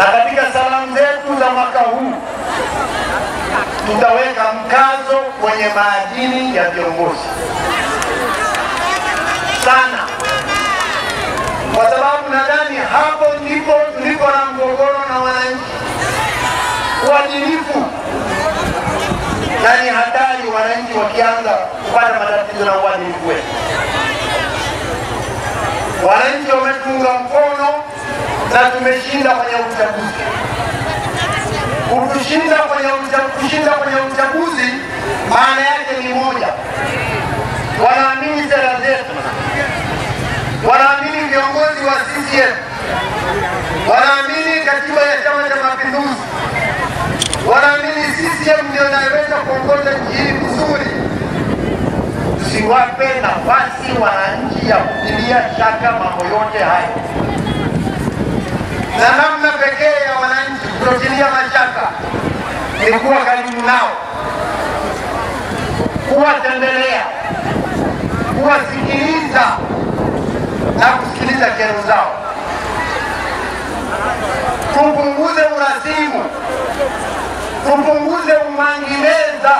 Na katika salamu zetu za mwaka huu tutaweka mkazo kwenye maadili ya viongozi sana, kwa sababu nadhani hapo ndipo tuliko na mgogoro na wananchi. Uadilifu na ni hatari, wananchi wakianza kupata matatizo na uadilifu wetu wananchi na tumeshinda kwenye uchaguzi. Ukushinda kwenye kushinda kwenye uchaguzi maana yake ni moja, wanaamini sera zetu, wanaamini viongozi wa CCM, wanaamini katiba ya Chama cha Mapinduzi, wanaamini CCM ndio naweza kuongoza nchi hii vizuri. Tusiwape nafasi wananchi ya kutilia shaka mambo yote hayo na namna pekee ya wananchi kutotilia mashaka ni kuwa karibu nao, kuwatembelea, kuwasikiliza na kusikiliza kero zao. Tupunguze urasimu, tupunguze umangimeza,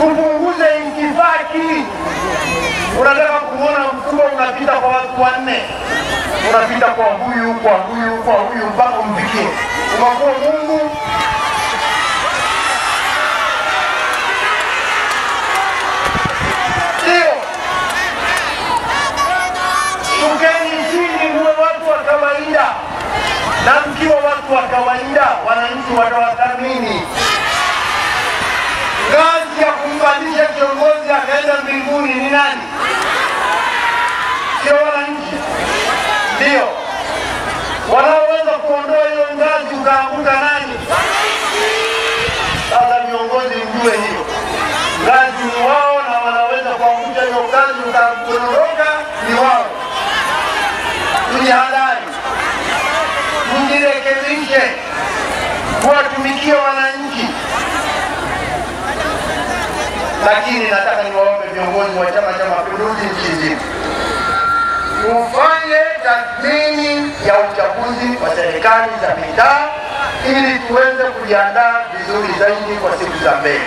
tupunguze intifaki. Unataka kuona mkubwa unapita kwa watu wanne unapita kwa huyu kwa huyu kwa huyu mpaka umfikie. Unakuwa Mungu ndio tukeni chini, muwe watu wa kawaida, na mkiwa watu wa kawaida, wananchi watawathamini. Ngazi ya kumpandisha kiongozi akaenda mbinguni ni nani? anaanguka nani? Sasa viongozi mjue hiyo ngazi wao, na wanaweza kuangusha hiyo ngazi, mtakutoroka ni wao. Tujihadhari, mjirekebishe, kuwatumikia wananchi. Lakini nataka niwaombe viongozi wa Chama cha Mapinduzi nchi nzima tufanye tathmini ya uchaguzi wa serikali za mitaa ili tuweze kujiandaa vizuri zaidi kwa siku za mbele.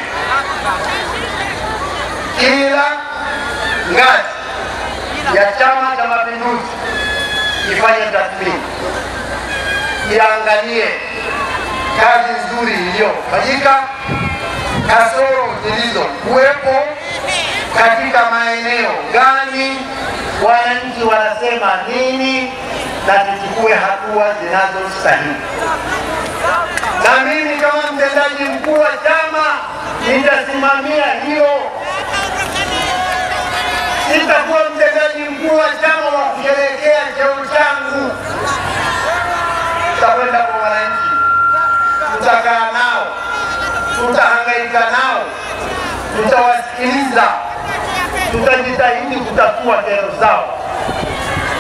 Kila ngazi ya Chama cha Mapinduzi ifanye tathmini, iangalie kazi nzuri iliyofanyika, kasoro zilizo kuwepo, katika maeneo gani wananchi wanasema nini, na tuchukue hatua zinazostahili na mimi kama mtendaji mkuu wa chama nitasimamia hiyo. Sitakuwa mtendaji mkuu wa chama wa kusherehekea cheo changu, tutakwenda kwa wananchi, tutakaa nao, tutahangaika nao, tutawasikiliza, tutajitahidi kutatua kero zao.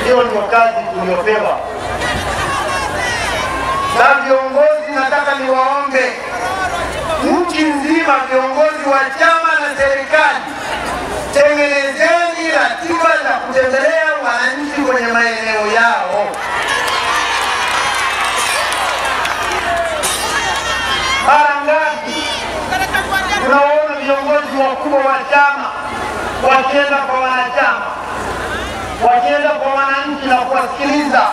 Hiyo ndio kazi tuliyopewa na viongozi nataka niwaombe nchi nzima, viongozi wa chama na serikali, tengenezeni ratiba za kutembelea wananchi kwenye maeneo yao. Mara ngapi tunaona viongozi wakubwa wa chama wakienda kwa wanachama, wakienda kwa wananchi na kuwasikiliza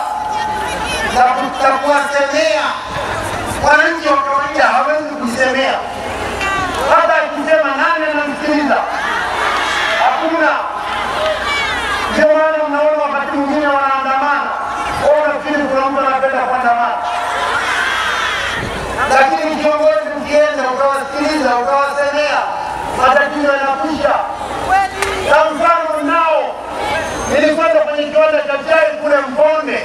na kuwasemea Wananchi wa kawaida hawezi kusemea, hata akisema nane namsikiliza hakuna. Ndio maana mnaona wakati mwingine wanaandamana, nafikiri kuna mtu anapenda kuandamana, lakini kiongozi ukienda ukawasikiliza, ukawasemea, matatizo yanakwisha. kwa mfano nao nilikwenda kwenye kiwanda cha chai kule Mkonde.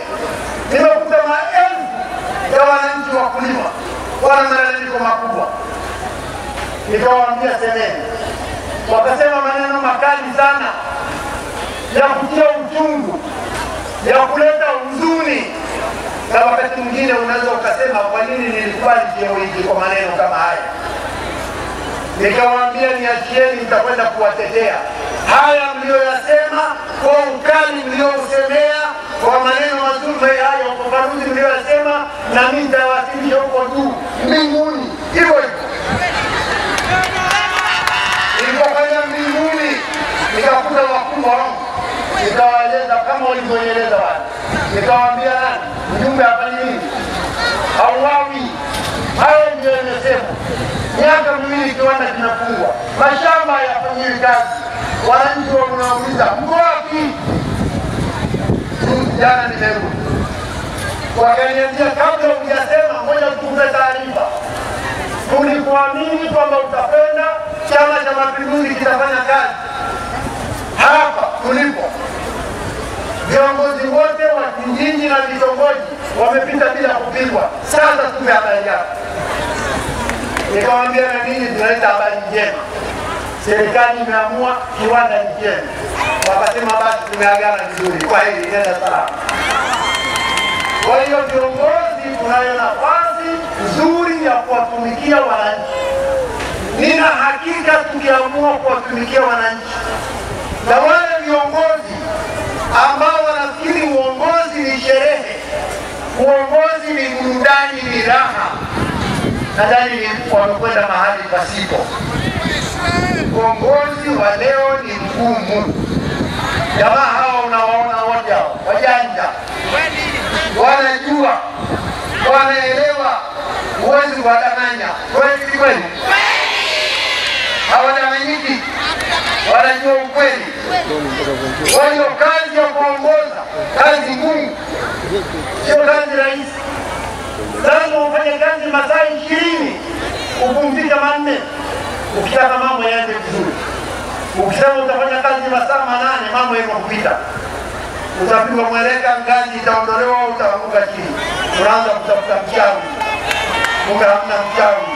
nikawaambia semeni, wakasema maneno makali sana ya kutia uchungu, ya kuleta huzuni, na wakati mwingine unaweza ukasema kwa nini nilikubali cheo hiki kwa maneno kama haya. Nikawaambia niachieni, nitakwenda kuwatetea haya mliyoyasema kwa ukali mliyousemea kwa maneno mazuri hayo, kwa baruzi mliyoyasema, na mimi nitawasilisha huko juu mbinguni hivyo Nitawaambia nani mjumbe afanye nini? Auawi. Hayo ndio imesema, miaka miwili kiwanda kinafungwa, mashamba yafanyiwi kazi, wananchi wanauliza mko wapi? Jana nimerudi wakaniambia, kabla hujasema, moja tukupe taarifa. Tulikuamini kwamba utapenda Chama cha Mapinduzi kitafanya kazi hapa tulipo, viongozi wote mjini na vitongoji wamepita bila kupigwa. Sasa tupe habari yako. Nikamwambia na nini, tunaleta habari njema, serikali imeamua kiwanda ni chenu. Wakasema basi, tumeagana vizuri, kwa hili nenda salama. Kwa hiyo viongozi, kunayo nafasi nzuri ya kuwatumikia wananchi. Nina hakika tukiamua kuwatumikia wananchi na wale viongozi ambao Uongozi ni burudani, ni raha. Nadhani wamekwenda mahali pasipo. Uongozi wa leo ni mgumu. Jamaa hawa unawaona moja wajanja, wanajua, wanaelewa, huwezi kuwadanganya. Kweli kweli, hawadanganyiki, wanajua ukweli. Kwa hiyo kazi ya kuongoza, kazi ngumu sio kazi rahisi. Lazima ufanye kazi masaa ishirini kupumzika manne, ukitaka mambo yaende vizuri. Ukisema utafanya kazi masaa manane, mambo yako kupita, utapigwa mweleka, ngazi itaondolewa, utaanguka chini, unaanza kutafuta mchawi, kumbe hamna mchawi.